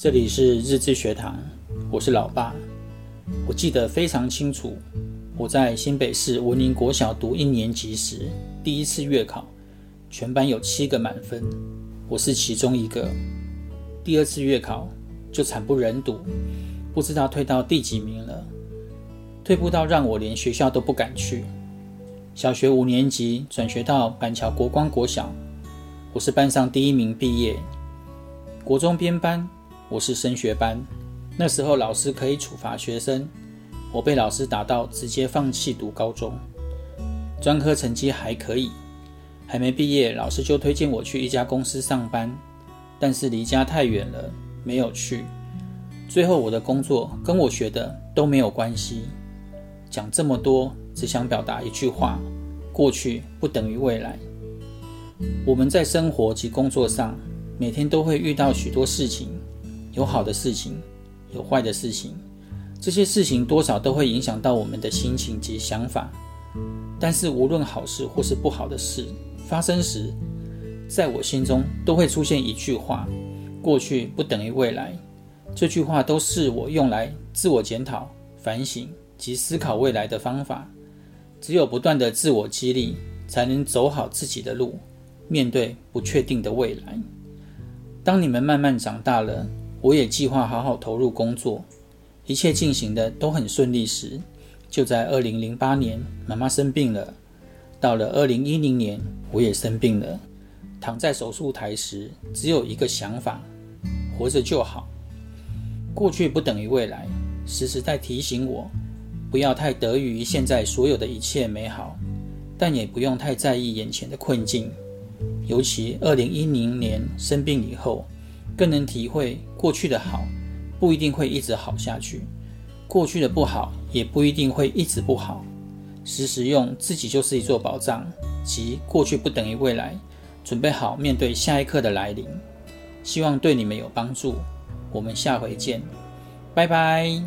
這裡是日誌學堂，我是老爸。我記得非常清楚，我在新北市文林國小讀一年級時，第一次月考，全班有七個滿分，我是其中一個。第二次月考就慘不忍睹，不知道退到第幾名了，退步到讓我連學校都不敢去。小學五年級轉學到板橋國光國小，我是班上第一名畢業。國中編班。我是升學班，那時候老師可以處罰學生，我被老師打到直接放棄讀高中，專科成績還可以，還沒畢業，老師就推薦我去一家公司上班，但是離家太遠了，沒有去。最後我的工作跟我學的都沒有關係。講這麼多，只想表達一句話：過去不等於未來。我們在生活及工作上，每天都會遇到許多事情。有好的事情，有壞的事情，這些事情多少都會影響到我們的心情及想法。但是，無論好事或是不好的事發生時，在我心中都會出現一句話：“過去不等於未來。”這句話都是我用來自我檢討、反省及思考未來的方法。只有不斷的自我激勵，才能走好自己的路，面對不確定的未來。當你們慢慢長大了。我也計劃好好投入工作，一切進行的都很順利時，就在二零零八年，媽媽生病了。到了二零一零年，我也生病了，躺在手術台時，只有一個想法：活着就好。過去不等於未來，時時在提醒我，不要太得意於現在所有的一切美好，但也不用太在意眼前的困境。尤其二零一零年生病以後。更能體會過去的好，不一定會一直好下去；過去的不好，也不一定會一直不好。時時用自己就是一座寶藏，即過去不等於未來，準備好面對下一刻的來臨。希望對你們有幫助，我們下回見，拜拜。